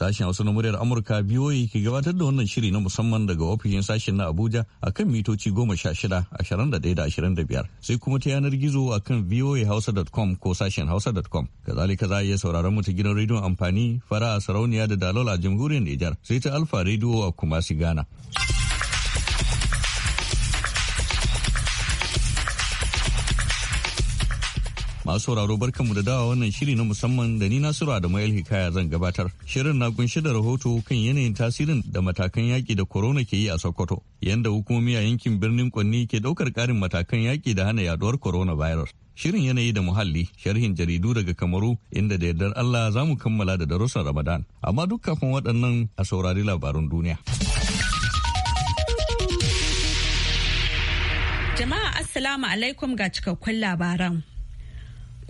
Sashen Hausa na muryar Amurka BOA ke gabatar da wannan shiri na musamman daga ofishin sashen na Abuja a kan mitoci goma sha shida, ashirin da daya da ashirin da biyar. Sai kuma ta yanar gizo a akan voahausa.com ko sashen hausa.com. Kazalika za a iya sauraron mu ta gidan rediyon amfani fara sarauniya da a jamhuriyar Nijar sai ta Alfa rediyo a Kumasi Ghana. Masu sauraro barkanmu da dawa wannan shiri na musamman da ni Nasiru Adamu Hikaya zan gabatar. Shirin na kunshi da rahoto kan yanayin tasirin da matakan yaƙi da korona ke yi a Sokoto, yanda hukumomi a yankin birnin Kwanni ke ɗaukar ƙarin matakan yaƙi da hana yaduwar virus shirin yanayi da muhalli sharhin jaridu daga kamaru inda da yardar Allah za mu kammala da darussan Ramadan. Amma duk kafin waɗannan a saurari labarun duniya. Jama'a Assalamu alaikum ga cikakkun labaran.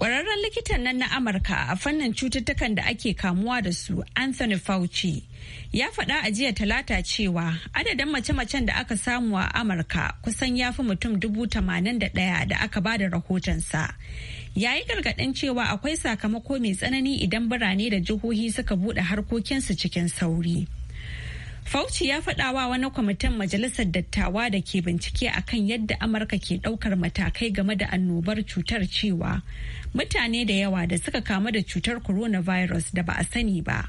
Kwararren likitan nan na Amurka a fannin cututtukan da ake kamuwa da su Anthony Fauci ya faɗa a jiya talata cewa adadin mace-macen da aka samu a Amurka kusan ya fi mutum dubu tamanin da ɗaya da aka ba da rahotonsa. Ya yi gargaɗin cewa akwai sakamako mai tsanani idan birane da jihohi suka buɗe harkokinsu cikin sauri. Fauci ya faɗawa wani kwamitin majalisar dattawa da ke bincike a kan yadda Amurka ke ɗaukar matakai game da annobar cutar cewa mutane da yawa da suka kamu da cutar coronavirus da ba a sani ba,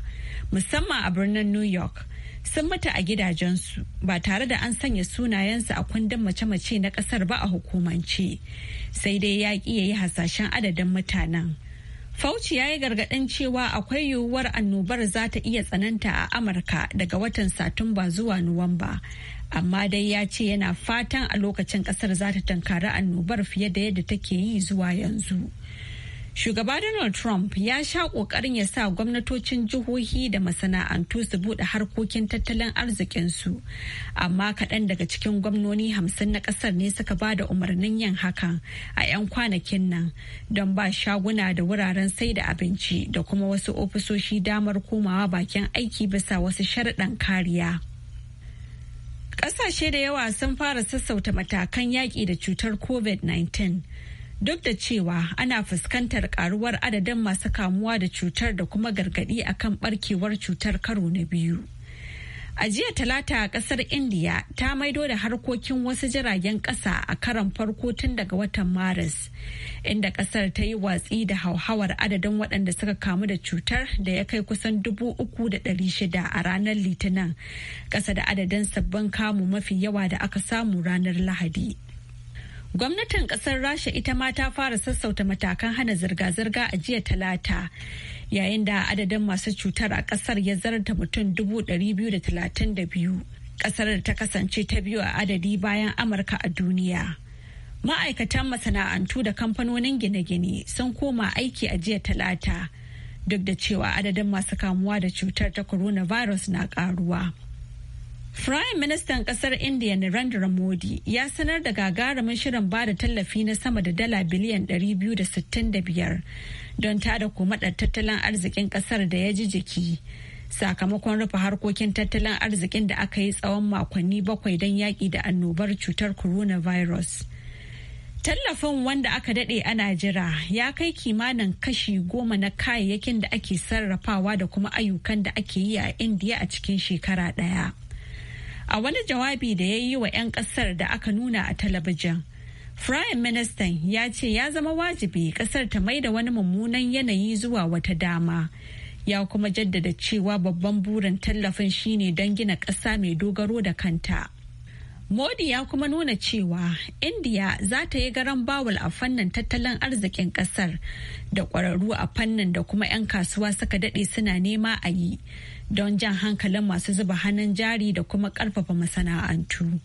musamman a birnin New York, sun mutu a gidajensu ba tare da an sanya sunayensu a kundin mace-mace na ƙasar ba a hukumance, sai dai ya ƙi ya yi hasashen adadin mutanen. Fauci ya yi gargaɗin cewa akwai yiwuwar annobar za ta iya tsananta a Amurka daga watan Satumba zuwa Nuwamba. Amma dai ya ce yana fatan a lokacin ƙasar za ta tankari annobar fiye da yadda take yi zuwa yanzu. Shugaba Donald Trump ya sha ƙoƙarin ya sa gwamnatocin jihohi da masana'antu su buɗe harkokin tattalin arzikinsu, amma kaɗan daga cikin gwamnoni hamsin na ƙasar ne suka ba da umarnin yin hakan a 'yan kwanakin nan don ba shaguna da wuraren sai da abinci da kuma wasu ofisoshi damar komawa bakin aiki bisa wasu sharaɗan kariya. Ƙasashe da yawa sun fara sassauta matakan yaƙi da cutar COVID-19. duk da cewa ana fuskantar karuwar adadin masu kamuwa da cutar da kuma gargadi akan barkewar cutar karo na biyu a jiya talata a kasar india ta maido da harkokin wasu jiragen kasa a karan farko tun daga watan maris inda kasar ta yi watsi da hauhawar adadin waɗanda suka kamu da cutar da ya kai kusan dubu uku da ɗari shida a ranar litinin ƙasa da adadin sabbin kamu mafi yawa da aka samu ranar lahadi Gwamnatin kasar Rasha ita ma ta fara sassauta matakan hana zirga-zirga a jiya talata. Yayin da adadin masu cutar a kasar ya zarta mutum 232. Kasar ta kasance ta biyu a adadi bayan Amurka a duniya. Ma'aikatan masana'antu da kamfanonin gine-gine sun koma aiki a jiya talata. Duk da cewa adadin masu kamuwa da cutar ta coronavirus na karuwa. Prime Ministan kasar India Narendra Modi ya sanar da gagarumin shirin ba da tallafi na sama da dala biliyan 265 don tada komadar tattalin arzikin kasar da ya ji jiki. Sakamakon rufe harkokin tattalin arzikin da aka yi tsawon makonni bakwai don yaƙi da annobar cutar coronavirus. Tallafin wanda aka daɗe ana jira ya kai kimanin kashi goma na kayayyakin da ake sarrafawa da kuma ayyukan da ake yi a Indiya a cikin shekara ɗaya. A wani jawabi da ya yi wa 'yan kasar da aka nuna a talabijin, Prime Minister ya ce ya zama wajibi kasar ta mai da wani mummunan yanayi zuwa wata dama. Ya kuma jaddada cewa babban burin tallafin shine don gina ƙasa mai dogaro da kanta. Modi ya kuma nuna cewa Indiya za ta yi garan bawul a fannin tattalin arzikin kasar da ƙwararru a fannin da kuma 'yan kasuwa suka daɗe suna nema a yi don jan hankalin masu zuba hannun jari da kuma karfafa masana'antu.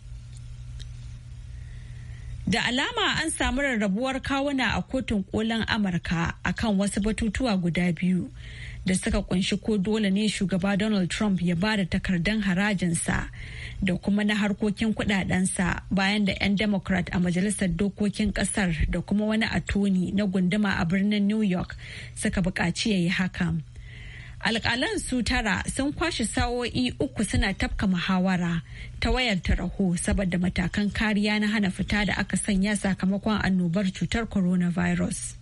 Da alama an samu rarrabuwar kawuna a kotun kolin Amurka akan wasu batutuwa guda biyu da suka kunshi ko dole ne shugaba Donald Trump ya ba da takardun harajinsa da kuma na harkokin kudadensa bayan da 'yan Democrat a Majalisar Dokokin Kasar da kuma wani atoni na gunduma a birnin New York suka buƙaci ya yi hakan. alƙalan su tara sun kwashe sa'o'i uku suna tafka muhawara ta wayar taraho saboda matakan kariya na hana fita da aka sanya sakamakon annobar cutar coronavirus.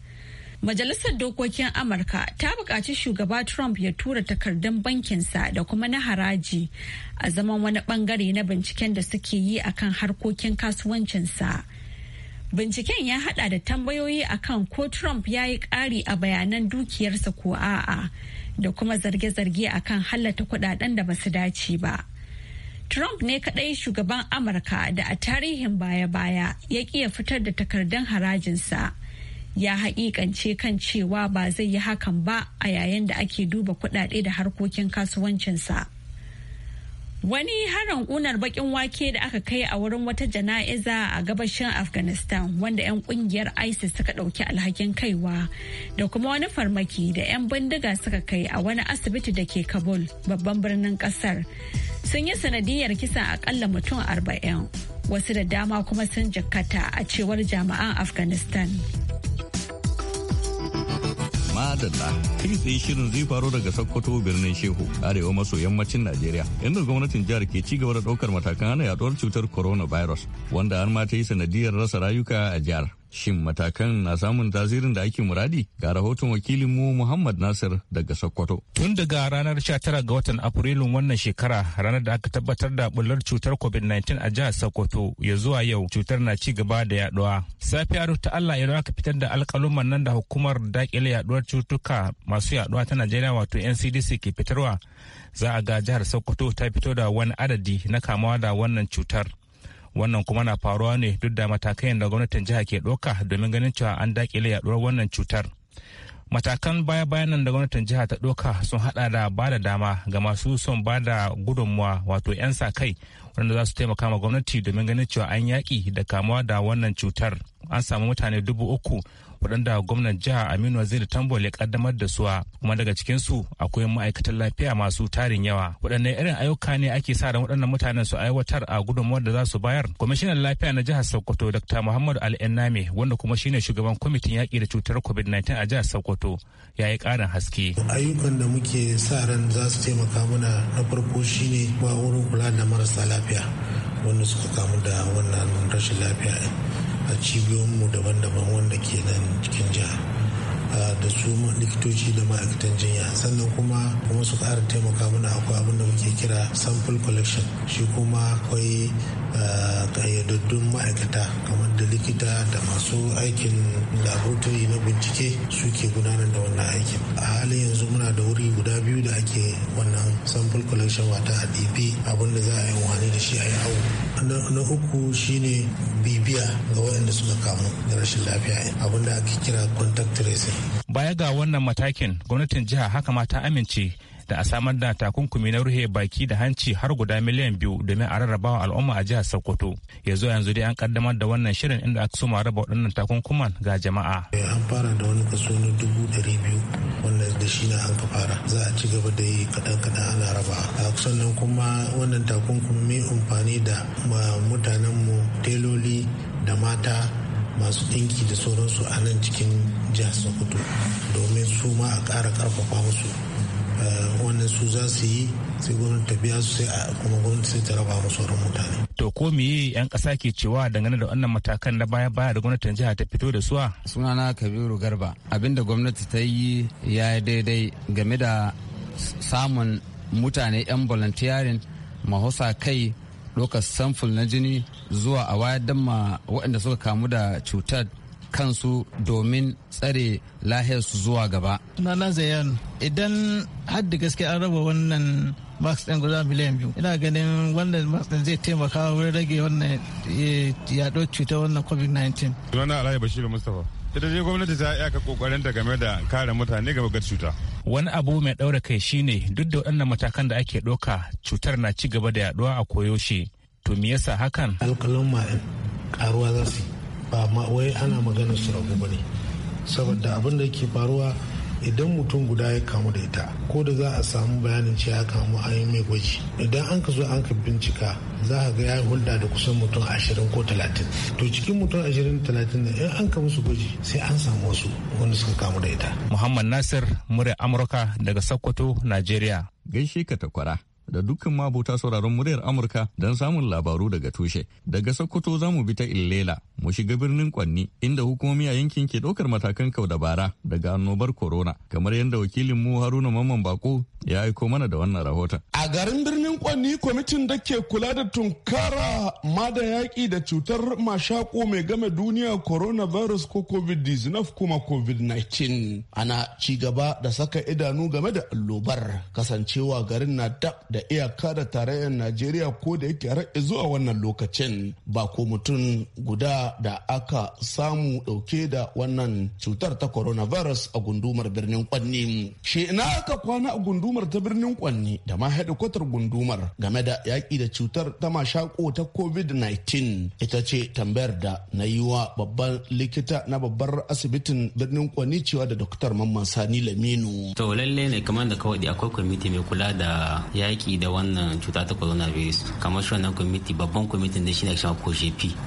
Majalisar Dokokin Amurka ta buƙaci shugaba Trump ya tura takardun bankinsa da kuma na haraji a zaman wani bangare na binciken da suke yi akan harkokin kasuwancinsa. Binciken ya hada da tambayoyi akan ko Trump ya yi ƙari a bayanan dukiyarsa ko a'a. da kuma zarge-zarge akan hallata kudaden da basu dace ba. Trump ne kadai shugaban Amurka da a tarihin baya-baya ya kiya fitar da takardun harajinsa. Ya haƙiƙance kan cewa ba zai yi hakan ba a yayin da ake duba kudade da harkokin kasuwancinsa. Wani harin kunar bakin wake da aka kai a wurin wata jana'iza a gabashin Afghanistan wanda 'yan kungiyar ISIS suka ɗauki alhakin kaiwa da kuma wani farmaki da 'yan bindiga suka kai a wani asibiti da ke Kabul babban birnin ƙasar sun yi sanadiyar kisa akalla mutum arba'in wasu da dama kuma sun jikkata a cewar jami'an Afghanistan. adalla kai tsaye shirin zai faro daga sokoto birnin shehu arewa maso yammacin najeriya inda gwamnatin jihar ke ci gaba da ɗaukar matakan hana yaduwar cutar coronavirus wanda har ma ta yi sanadiyar rasa rayuka a jihar Shin matakan na samun tasirin da ake muradi ga rahoton mu Muhammad Nasir daga Sokoto. Tun daga ranar 19 ga watan Afrilun wannan shekara ranar da aka tabbatar da bullar cutar COVID-19 a jihar Sokoto ya zuwa yau cutar na ci gaba da yaduwa. Safiya ta Allah ya aka fitar da alƙaluman nan da hukumar dakile yaduwar cutuka masu yaduwa ta Najeriya wato NCDC ke fitarwa. Za a ga jihar Sokoto ta fito da wani adadi na kamawa da wannan cutar. wannan kuma na faruwa ne duk da matakan da gwamnatin jiha ke ɗauka domin ganin cewa an dakile yaduwar wannan cutar matakan baya bayanan da gwamnatin jiha ta ɗauka sun hada da ba da dama ga masu son ba da gudunmuwa wato 'yan sa kai wanda za su taimaka ma gwamnati domin ganin cewa an yaƙi da kamuwa da wannan cutar an samu mutane dubu uku waɗanda gwamnan jiha aminu waziri tambol ya kaddamar da suwa kuma daga cikinsu akwai ma'aikatan lafiya masu tarin yawa waɗanne irin ayyuka ne ake sa ran waɗannan mutanen su aiwatar a gudunmuwar da za su bayar kwamishinan lafiya na jihar sokoto dr muhammadu al'enname wanda kuma shine shugaban kwamitin yaƙi da cutar covid-19 a jihar sokoto ya yi ƙarin haske ayyukan da muke sa ran za su taimaka mana na farko shine ba wurin kula da marasa lafiya wanda suka kamu da wannan rashin lafiya a cibiyoyinmu daban-daban wanda ke nan cikin jiha da su likitoci da ma'aikatan jinya sannan kuma kuma su ƙara taimaka mana akwai abin da muke kira sample collection shi kuma akwai ƙayyadaddun ma'aikata kamar da likita da masu aikin laboratory na bincike suke gudanar da wannan aikin a halin yanzu muna da wuri guda biyu da ake wannan sample collection wata a dp abin da za a yi wani da shi a yi awo na uku shine bibiya ga waɗanda suka kamu da rashin lafiya abin da ake kira contact tracing Baya ga wannan matakin gwamnatin jiha haka ma ta amince da a samar da takunkumi na ruhe baki da hanci har guda miliyan biyu domin a rarrabawa al'umma a jihar Sokoto. Ya zo yanzu dai an kaddamar da wannan shirin inda aka soma raba waɗannan takunkuman ga jama'a. Eh, an fara da wani kaso na dubu ɗari biyu wannan da shi na an ka fara za a ci gaba da yi kaɗan kaɗan ana raba. Sannan kuma wannan takunkumi amfani da mutanenmu teloli da mata masu ɗinki da sauransu a nan cikin sun fito domin su ma a kara ƙarfafa musu eh, wannan su za su yi sai gwamnati ta biya su sai kuma gwamnati sai ta raba musu wani mutane. To ko yi yan ƙasa ke cewa dangane da wannan matakan na baya baya da gwamnatin jiha ta fito da suwa? Sunana Kabiru Garba abinda gwamnati ta yi ya daidai game da samun mutane 'yan volunteering mahusa kai lokacin samfur na jini zuwa a wayar ma waɗanda suka kamu da cutar kansu domin tsare lahiyarsu zuwa gaba. Nana Zayan, idan haddi gaske an raba wannan max ɗin guda miliyan biyu ina ganin wannan max ɗin zai taimaka wurin rage wannan eh, yaɗo cutar wannan covid-19 sunana alhaji Bashir mustapha ita dai gwamnati ta iyaka kokarin ta game da kare mutane gaba ga cuta wani abu mai ɗaura kai shine duk da waɗannan matakan da ake ɗauka cutar na ci gaba da yaɗuwa a koyaushe to me yasa hakan alkalin ma'in ƙaruwa za su yi ba ma wai ana maganar su ragu ba ne saboda abin da ke faruwa idan mutum guda ya kamu da ita ko da za a samu bayanin cewa ya kamu an mai gwaji idan an ka zo an ka bincika za a ga ya hulɗa da kusan mutum ashirin ko talatin to cikin mutum ashirin talatin da in an ka musu gwaji sai an samu wasu wanda suka kamu da ita. muhammad nasir murya amurka daga sokoto nigeria. gaishe ka takwara. da dukkan mabuta sauraron muryar Amurka don samun labaru daga tushe. Daga Sokoto za mu bi ta Illela mu shiga birnin Kwanni inda hukumomi a yankin ke ɗaukar matakan kau da bara daga annobar corona kamar yadda wakilin mu Haruna Mamman Bako ya aiko mana da wannan rahoton. A garin birnin Kwanni kwamitin da ke kula da tunkara ma da yaƙi da cutar mashaƙo mai game duniya coronavirus ko covid-19 kuma covid-19 ana ci gaba da saka idanu game da allobar kasancewa garin na da da iyaka da tarayyar Najeriya ko da yake zuwa wannan lokacin ba ko mutum guda da aka samu dauke da wannan cutar ta coronavirus a gundumar birnin kwanni shi ina aka kwana a gundumar ta birnin kwanni da ma hedikwatar gundumar game da yaƙi da cutar ta mashako ta covid-19 ita ce tambayar da na yi wa babban likita na babbar asibitin birnin kwanni cewa da Dr. mamman sani laminu to lalle ne kamar da kawai akwai kwamiti mai kula da yaƙi da wannan cuta ta coronavirus kamar shi wannan kwamiti babban kwamitin da shi ne ko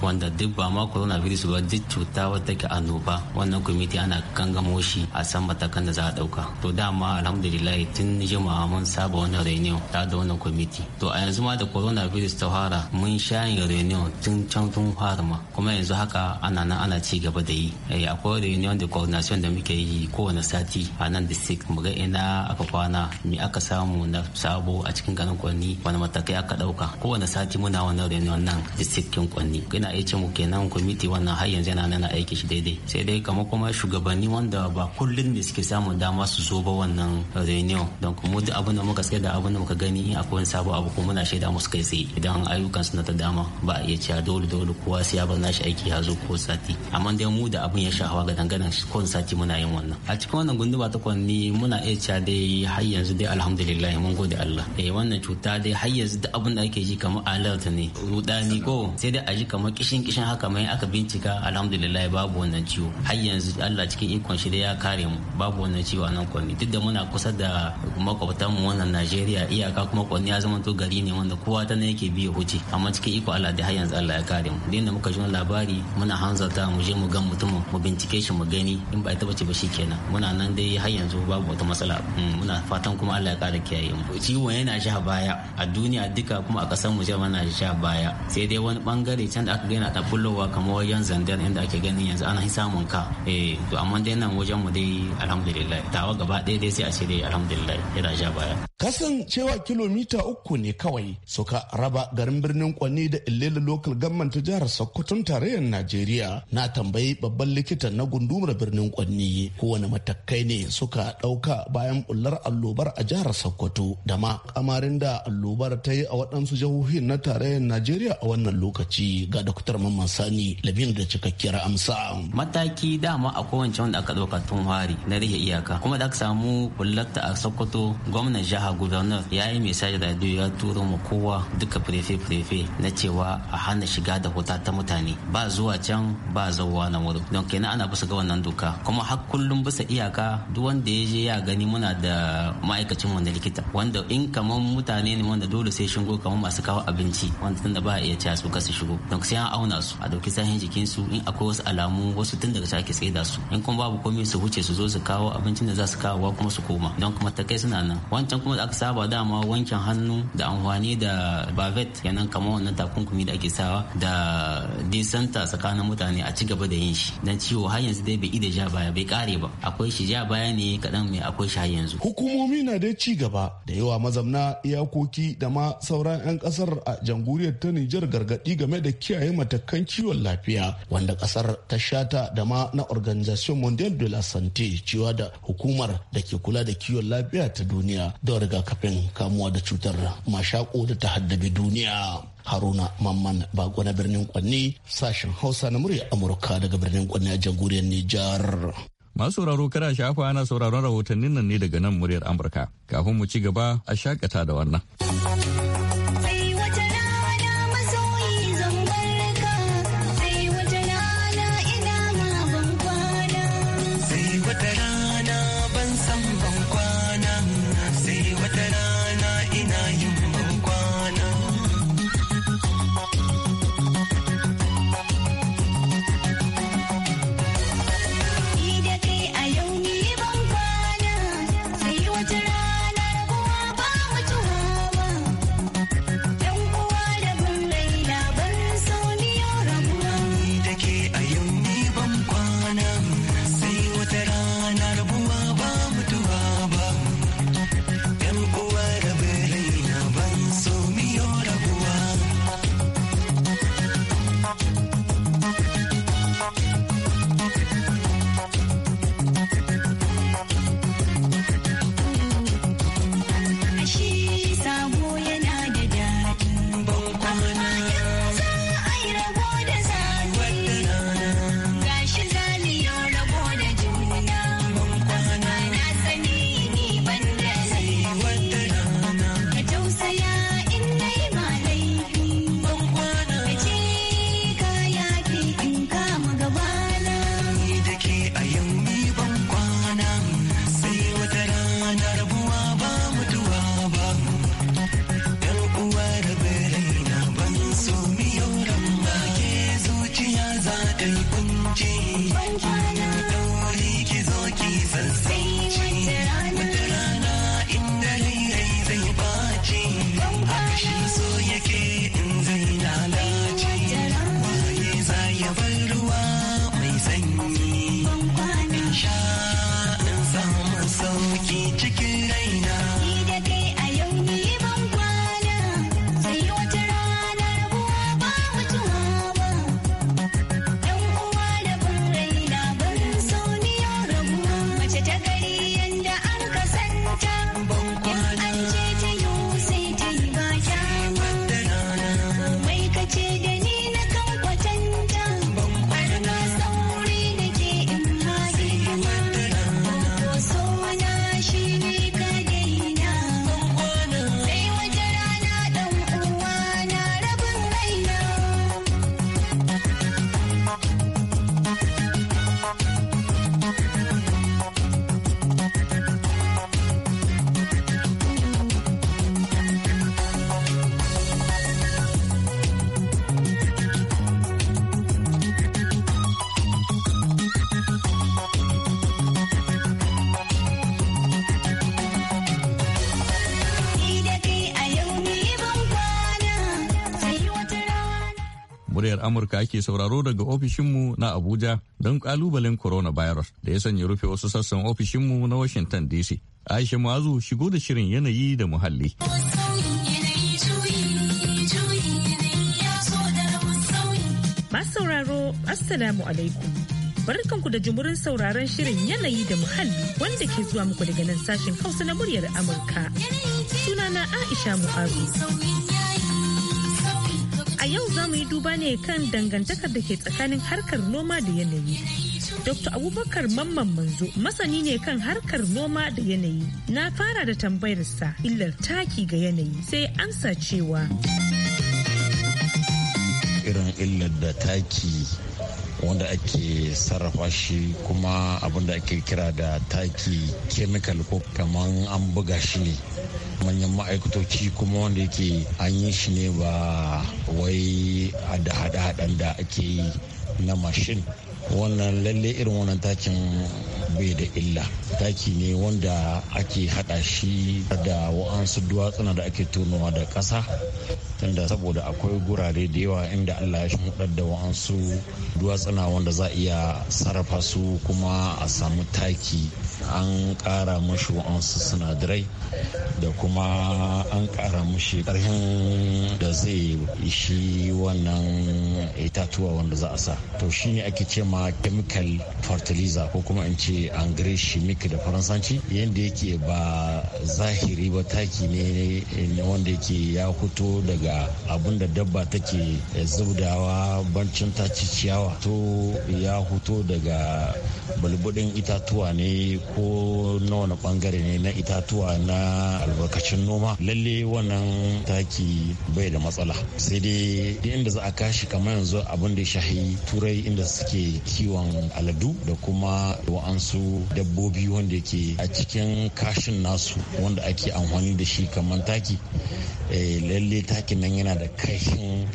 wanda duk ba ma coronavirus ba duk cuta wata ke annoba wannan kwamiti ana gangamo shi a san matakan da za a dauka to dama alhamdulillah tun jima'a mun saba wannan reunion ta da wannan kwamiti to a yanzu ma da coronavirus ta fara mun sha yin reunion tun can tun fara ma kuma yanzu haka ana nan ana ci gaba da yi eh, akwai reunion da coordination da muke yi kowane sati a nan district mu ga ina aka kwana me aka samu na sabo a cikin ganin kwanni wani matakai aka dauka kowane sati muna wannan reunion nan district kin kwanni ina iya mu kenan kwamiti wannan har yanzu yana nana aiki shi daidai sai dai kama kuma shugabanni wanda ba kullum ne suke samun dama su zo ba wannan reunion don kuma duk abin da muka tsaye da abin da muka gani in akwai wani sabon abu ko muna shaida musu kai tsaye idan ayyukan suna ta dama ba a iya cewa dole dole kowa sai ya bar nashi aiki ya zo ko sati amma dai mu da abin ya sha hawa ga dangana ko sati muna yin wannan a cikin wannan gunduma ta kwanni muna iya cewa dai har yanzu dai alhamdulillah mun gode Allah eh wannan cuta dai har yanzu duk abin da ake ji kamar alert ne rudani ko sai dai a ji kamar kishin kishin haka mai aka bincika alhamdulillah babu wannan ciwo har yanzu Allah cikin ikon shi da ya kare mu babu wannan ciwo a nan kwanni duk da muna kusa da makwabtan mu wannan Najeriya iyaka kuma kwanni ya zama to gari ne wanda kowa ta ne yake ya huce amma cikin iko Allah da har yanzu Allah ya kare mu da muka ji labari muna hanzarta mu je mu ga mutumin mu bincike shi mu gani in ba ita bace ba shikenan muna nan dai har yanzu babu wata matsala mm, muna fatan kuma Allah ya kare kiyaye mu ciwon yana shi baya a duniya duka kuma a kasar mu jama na sha baya sai dai wani bangare can da aka gani a fullowa kamar wajen zandar inda ake gani yanzu ana samun ka eh to amma dai nan wajen mu dai alhamdulillah tawa gaba ɗaya dai sai a ce dai alhamdulillah yana sha baya kasan cewa kilomita uku ne kawai suka raba garin birnin kwanni da illela local government ta jihar sokoton tarayyar najeriya na tambayi babban likitan na gundumar birnin kwanni kowane matakai ne suka ɗauka bayan bullar allobar a jihar sokoto da ma kamarin da allo annobar ta yi a waɗansu jihohin na tarayyar Najeriya a wannan lokaci ga Dr. Mamman Sani Labin da cikakkiyar amsa. Mataki dama a kowace wanda aka ɗauka tun hari na rage iyaka kuma da aka samu bullata a Sokoto gwamnan jiha gubernar ya yi misali da ya turo ma kowa duka firefe-firefe na cewa a hana shiga da huta ta mutane ba zuwa can ba zauwa na wuri don kenan ana bisa ga wannan doka kuma har kullum bisa iyaka duk wanda ya je ya gani muna da ma'aikacin wanda likita wanda in kamar mutane ne wanda dole sai shingo kamar masu kawo abinci wanda tunda ba iya cewa su su shigo don sai an auna su a dauki sahin jikin su in akwai wasu alamu wasu tun daga ake da su in kuma babu komai su wuce su zo su kawo abincin da za su kawo kuma su koma don kuma kai suna nan wancan kuma da aka saba dama wankin hannu da amfani da bavet yanan kamar wannan takunkumi da ake sawa da disanta tsakanin mutane a ci gaba da yin shi don ciwo har yanzu dai bai ida ja baya bai kare ba akwai shi ja baya ne kadan mai akwai shi har yanzu hukumomi na dai ci gaba da yawa mazamna iyakoki da ma sauran 'yan kasar a jamhuriyar ta Nijar gargaɗi game da kiyaye matakan kiwon lafiya wanda kasar ta shata da ma na Organization Mondial de la Santé cewa da hukumar da ke kula da kiwon lafiya ta duniya don rigakafin kamuwa da cutar mashako da ta haddabi duniya. Haruna Mamman Bago na birnin Kwanni sashen Hausa na murya Amurka daga birnin Kwanni a jamhuriyar Nijar. Masu sauraro kada shafa ana sauraron rahotannin nan ne daga nan muryar Amurka. Kafin mu ci gaba a shakata da wannan. even Amurka ake sauraro daga ofishinmu na Abuja don kalubalen coronavirus da ya sanya rufe wasu sassan ofishinmu na Washington DC. Aisha Mazu shigo da shirin yanayi da muhalli. sauraro, Assalamu alaikum. barkanku da jimurin sauraron shirin yanayi da muhalli wanda ke zuwa muku daga nan sashen hausa na muryar amurka sunana aisha mu'azu A yau za mu yi duba ne kan dangantakar da ke tsakanin harkar noma da yanayi. Dr. Abubakar Mamman Manzo masani ne kan harkar noma da yanayi. Na fara da tambayarsa illar taki ga yanayi sai amsa cewa. Irin illar da taki wanda ake sarrafa shi kuma abin da ake kira da taki kemikal ko kaman an buga shi ne manyan ma'aikatoci kuma wanda yake an yi shi ne ba wai a da hada-hadan da ake yi na mashin wannan lalle irin wannan takin bai da illa taki ne wanda ake hada shi da wa'ansu duwatsuna da ake tonowa da ƙasa tunda saboda akwai gurare da yawa inda allah ya shimudar da wa'ansu duwatsuna wanda za a iya sarrafa su kuma a samu taki an ƙara mashi wa'ansu sinadarai da kuma an ƙara mashi ƙarfin da zai ishi wannan itatuwa wanda za a sa to shi shine ake ce ma chemical fertilizer ko kuma in ce an gare da faransanci yadda yake ba zahiri ba taki ne wanda yake ya fito daga abin da dabba take zubdawa bancin ta ci ciyawa to ya fito daga bulbudin itatuwa ne ko na wani bangare ne na itatuwa na albarkacin noma lalle wannan taki bai da matsala sai dai inda za a kashi kamar yanzu abin da shahi turai inda suke kiwon aladu da kuma wa'ansu dabbobi wanda yake a cikin kashin nasu wanda ake amfani da shi kamar taki eh, lalle taki nan yana da kashin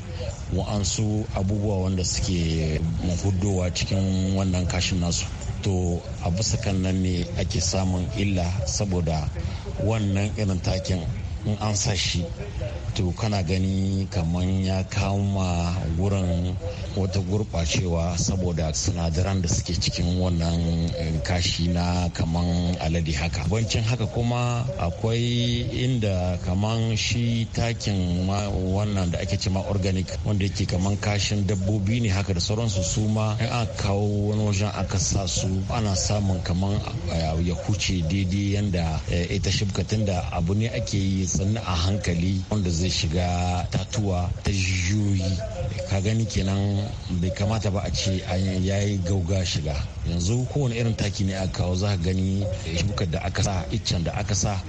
wa'ansu abubuwa wanda suke mahuddowa cikin wannan kashin nasu to a bisa kan nan ne ake samun illa saboda wannan irin takin in an sa shi to kana gani kamar ya kama wurin wata gurɓacewa saboda sinadaran da suke cikin wannan eh, kashi na kaman alade haka bancin haka kuma akwai inda kaman shi takin wannan da ake cema organic wanda yake kaman kashin dabbobi ne haka da sauransu su ma in aka kawo wani wajen aka sa su ana samun kaman eh, ya huce daidai yanda eh, ita shibka da abu ne ake yi sannan a hankali wanda zai shiga tatuwa ta juyi ka gani kenan bai kamata ba a ce ya yi gauga shiga yanzu kowane irin taki ne a kawo za ka gani eh, shukar da aka sa iccen da aka sa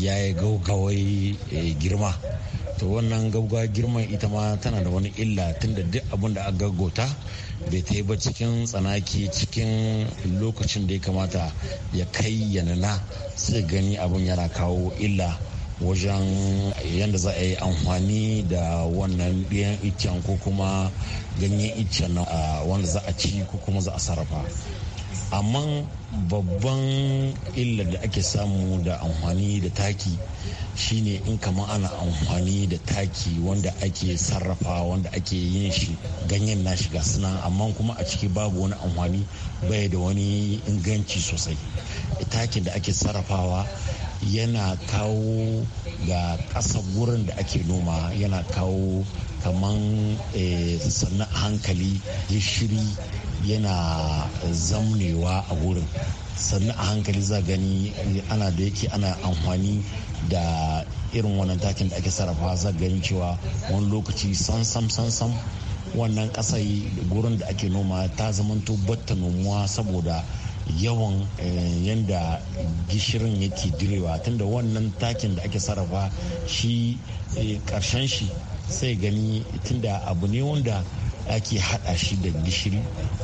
ya yi gaugawai eh, girma to wannan gauga girman ita ma tana da wani illa tunda duk abin da aka gota bai ta yi ba cikin tsanaki cikin lokacin da ya kamata ya kai ya sai gani abin yana kawo illa wajen yadda za a yi amfani da wannan ɗiyan iccen ko kuma ganyen iccen wanda za a ci ko kuma za a sarrafa amma babban illar da ake samu da amfani da taki shine in kama ana amfani da taki wanda ake sarrafa wanda ake yin shi ganyen na shiga suna amma kuma a ciki babu wani amfani bai da wani inganci sosai takin da ake sarrafawa yana kawo ga ƙasa gurin da ake noma yana kawo kaman eh, sannan hankali gishiri yana zamnewa a wurin sannan a hankali za gani ana da yake ana amfani da irin wannan takin da ake sarrafa za gani cewa wani lokaci sansam sansam wannan ƙasai gurin da ake noma ta zamanto batta nomuwa saboda yawan eh, yanda gishirin yake direwa tunda wannan takin da ake sarrafa shi karshen eh, shi sai gani tunda abu ne wanda ake hada shi da gishiri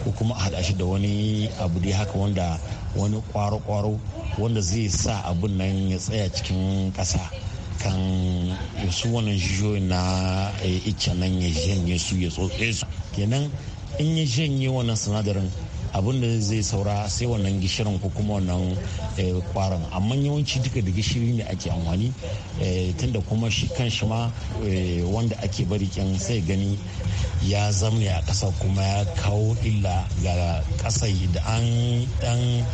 ko kuma hada shi da wani abu dai haka wanda wani kwaro-kwaro wanda zai sa abun nan ya tsaya cikin kasa kan su wannan jijiyoyi na eh, icce nan ya janye su ya tsotse su kenan in ya janye wannan sinadarin abin da zai saura sai wannan gishirin ko kuma wannan eh, kwarin amma yawanci duka da gishiri ne ake amfani eh, tunda kuma shi kan shi ma eh, wanda ake bari kyan sai gani ya zamne a ƙasa kuma ya kawo illa ga ƙasa da an dan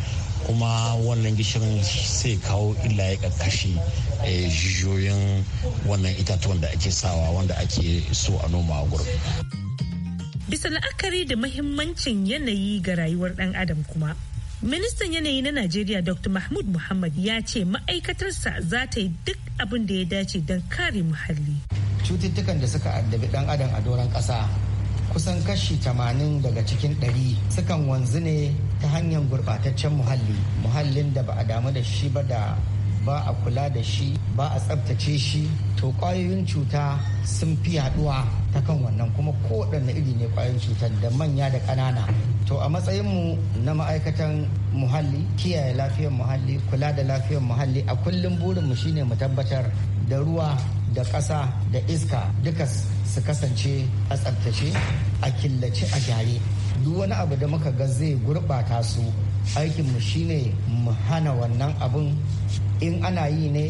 kuma wannan gishirin sai kawo illa ya kashe jijiyoyin wannan itatuwan da ake sawa wanda ake so a noma a gurin bisa la'akari da mahimmancin yanayi ga rayuwar ɗan adam kuma. Ministan yanayi na Najeriya Dr. Mahmud Muhammad ya ce ma'aikatarsa za ta yi duk abin da ya dace don kare muhalli. Cututtukan da suka addabi ɗan adam a doron ƙasa kusan kashi 80 daga cikin 100 sukan wanzu ne ta hanyar gurɓataccen muhalli, muhallin da ba a damu da shi ba da ba a kula da shi ba a tsabtace shi to kwayoyin cuta sun fi yaduwa ta kan wannan kuma kowaɗanne iri ne kwayoyin cutar da manya da ƙanana to a matsayinmu na ma'aikatan muhalli kiyaye lafiyar muhalli kula da lafiyar muhalli a kullum burinmu shine mu tabbatar da ruwa da ƙasa da iska duka su kasance a tsabtace a killace a gyare duk wani abu da muka ga zai gurɓata su aikinmu shine mu hana wannan abun in ana yi ne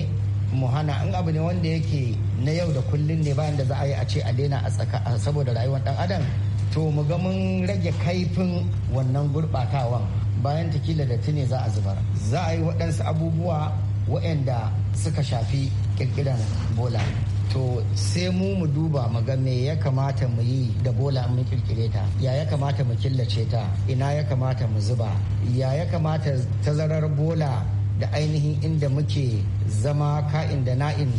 mu hana in abu ne wanda yake na yau da kullun ne bayan da za a yi a ce a daina a tsaka saboda rayuwar dan adam to mu ga mun rage kaifin wannan gurbatawan bayan takila da tune za a zubar za a yi waɗansu abubuwa waɗanda suka shafi ƙirƙiran bola to sai mu mu duba mu ga me ya kamata mu yi da bola mun kirkire ta ya ya kamata mu killace ta ina ya kamata mu zuba ya ya kamata tazarar bola da ainihin inda muke zama ka'in da na'in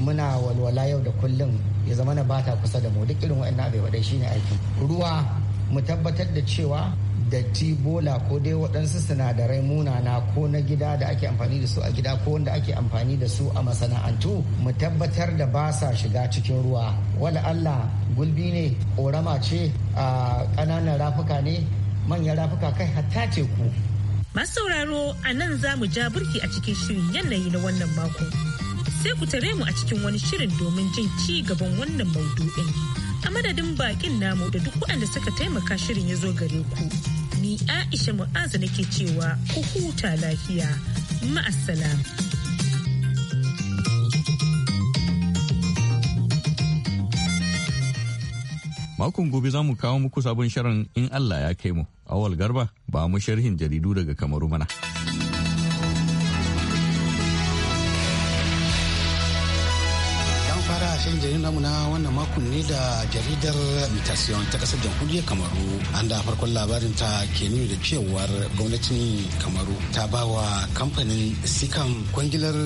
muna walwala yau da kullum ya zama na bata kusa da mu duk irin wa'annan abai wadai ne aiki ruwa mu tabbatar da cewa datti bola ko dai waɗansu sinadarai munana ko na gida da ake amfani da su a gida ko wanda ake amfani da su a masana'antu mu tabbatar da ba sa shiga cikin ruwa wala Allah gulbi ne ƙorama ce a ƙananan rafuka ne manyan rafuka kai hatta teku Masu sauraro a nan za mu ja burki a cikin shirin yanayi na wannan mako. Sai ku tare mu a cikin wani shirin domin jin ci gaban wannan maudu'in. A madadin bakin namu da duk waɗanda suka taimaka shirin ya zo gare ku. Ni Aisha Mu'azu nake cewa ku huta lafiya. Ma'assalam. makon gobe za mu kawo muku sabon shirin in Allah ya kai mu. Awal Garba ba mu sharhin jaridu daga Kamaru mana. namu na wannan makon ne da jaridar mutation ta kasar jamhuriyar kamaru an da farkon labarin ta ke nuni da cewar gwamnatin kamaru ta ba wa kamfanin sikan kwangilar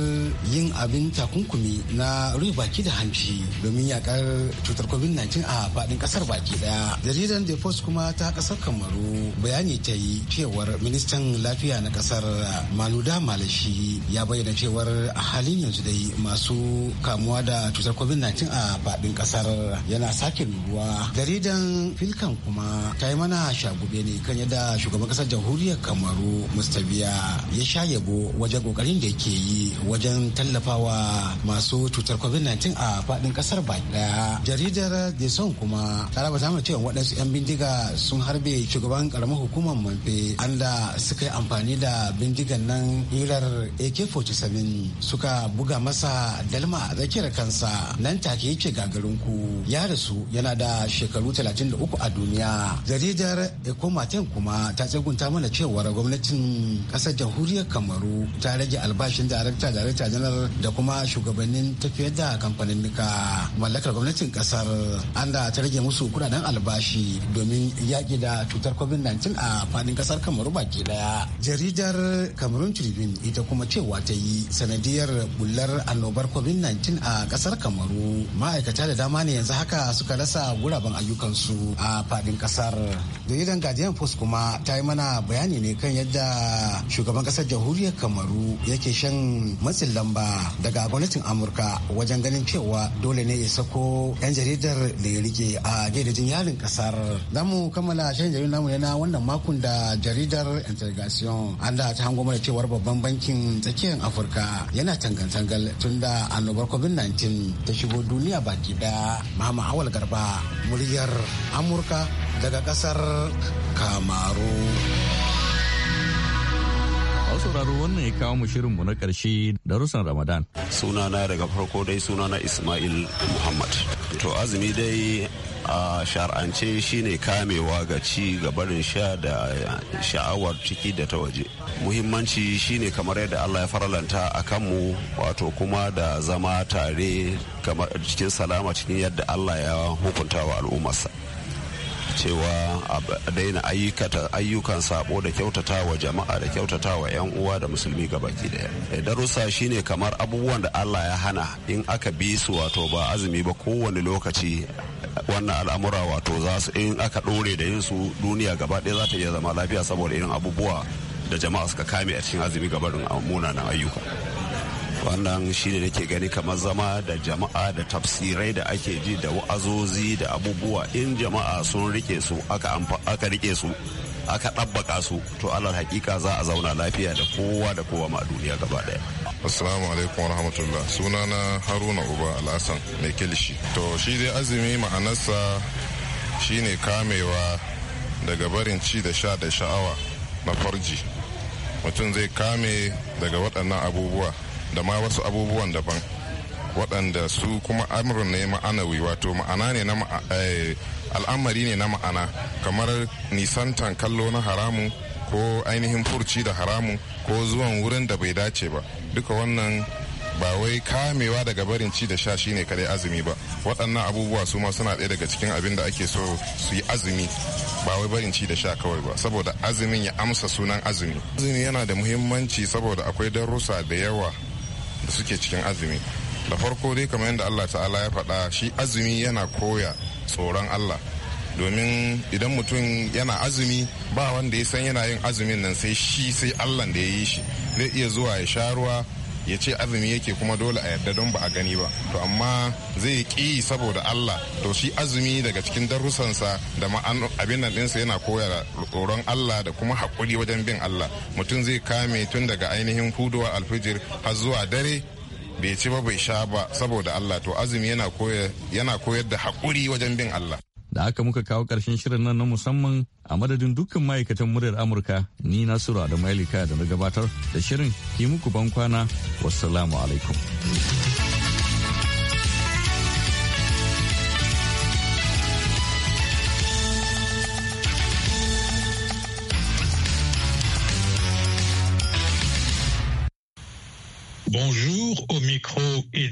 yin abin takunkumi na rufe baki da hanci domin yakar cutar covid-19 a fadin kasar baki daya jaridar the post kuma ta kasar kamaru bayani ta yi cewar ministan lafiya na kasar maluda malashi ya bayyana cewar a halin yanzu dai masu kamuwa da cutar covid-19 a faɗin ƙasar yana sake ruruwa jaridan filkan kuma ta yi mana shagube ne kan yadda shugaban ƙasar jamhuriyar kamaru mustabiya ya sha yabo wajen ƙoƙarin da yake yi wajen tallafawa masu cutar covid-19 a faɗin ƙasar baki ɗaya jaridar the sun kuma ta raba zamu cewa waɗansu 'yan bindiga sun harbe shugaban ƙaramin hukumar manfe an da suka yi amfani da bindigan nan hirar ak-47 suka buga masa dalma a tsakiyar kansa nan take gagarin gagarinku ya rasu yana da shekaru 33 a duniya jaridar ecomaten kuma ta tsegunta mana cewar gwamnatin kasar jamhuriyar kamaru ta rage albashin darakta darakta janar da kuma shugabannin tafiyar da kamfanin nika mallakar gwamnatin kasar an da ta rage musu kudaden albashi domin yaƙi da cutar covid-19 a faɗin kasar kamaru baki daya jaridar kamarun tribune ita kuma cewa ta yi sanadiyar bullar annobar covid-19 a kasar kamaru ma ma'aikata da dama ne yanzu haka suka rasa guraben ayyukansu a fadin kasar jaridan guardian post kuma ta yi mana bayani ne kan yadda shugaban kasar jamhuriyar kamaru yake shan matsin lamba daga gwamnatin amurka wajen ganin cewa dole ne ya sako 'yan jaridar da ya rike a gidajen yarin kasar zamu kamala kammala shan jaridar namu ne wannan makon da jaridar intergation an da ta hango mana cewar babban bankin tsakiyar afirka yana tangantangal tun da annobar covid-19 ta shigo duniya baki daya mama awal garba muryar amurka daga kasar kamaru sauraro wannan ya kawo mu shirinmu na ƙarshe darussan ramadan sunana daga farko dai sunana ismail muhammad to azumi dai a shar'ance shine kamewa ga ci gabarin sha da sha'awar ciki da ta waje muhimmanci shine kamar yadda allah ya faralanta a kanmu wato kuma da zama tare cikin salama cikin yadda allah ya hukunta wa al'ummarsa cewa a daina ayyukata ayyukan sabo da kyautata wa jama'a da kyautata wa 'yan uwa da musulmi gabaki daya eh, darussa shine kamar abubuwan da allah ya hana in aka bi su wato ba azumi ba kowane lokaci wannan al'amura wato za su in aka ɗore da yin su duniya gaba ɗaya za ta iya zama lafiya saboda irin abubuwa da jama'a suka kame a cikin azumi da munanan ayyuka wannan shi ne nake gani kamar zama da jama'a da tafsirai da ake ji da wa'azozi da abubuwa in jama'a sun rike su aka rike su aka ɗabbaka su to alal hakika za a zauna lafiya da kowa da kowa ma duniya gaba daya assalamu alaikum warahmatullah na haruna uba alasan mai kilishi to shi dai azumi ma'anarsa shine kamewa daga barin ci da sha da sha'awa na farji mutum zai kame daga waɗannan abubuwa da ma wasu abubuwan daban waɗanda su kuma amurin ne ma'anawi wato ma'ana ne na eh, al'amari ne na ma'ana kamar nisantan kallo na haramu ko ainihin furci da haramu ko zuwan wurin da bai dace ba duka wannan ba wai kamewa daga barin ci da sha shine kadai azumi ba waɗannan abubuwa su ma suna ɗaya daga cikin abin da ake so su yi azumi ba wai barin ci da sha kawai ba saboda azumin ya amsa sunan azumi azumi yana da muhimmanci saboda akwai darussa da yawa da suke cikin azumi da farko dai kamar yadda allah ta'ala ya faɗa shi azumi yana koya tsoron allah domin idan mutum yana azumi ba wanda ya san yana yin azumin nan sai shi sai allah da ya yi shi zai iya zuwa ya sha ruwa ya ce azumi yake kuma dole a yarda don ba a gani ba to amma zai ki saboda Allah to shi azumi daga cikin darussansa da abin nan ɗinsa yana koya tsoron Allah da kuma haƙuri wajen bin Allah mutum zai kame tun daga ainihin huduwar alfijir har zuwa dare bai ci ba bai sha ba saboda Allah to azumi yana koyar da haƙuri wajen bin Allah da aka muka kawo ƙarshen shirin nan na musamman a madadin dukkan ma'aikatan muryar amurka ni nasiru da mailika da na gabatar da shirin ki muku ban kwana wassalamu alaikum Bonjour au micro et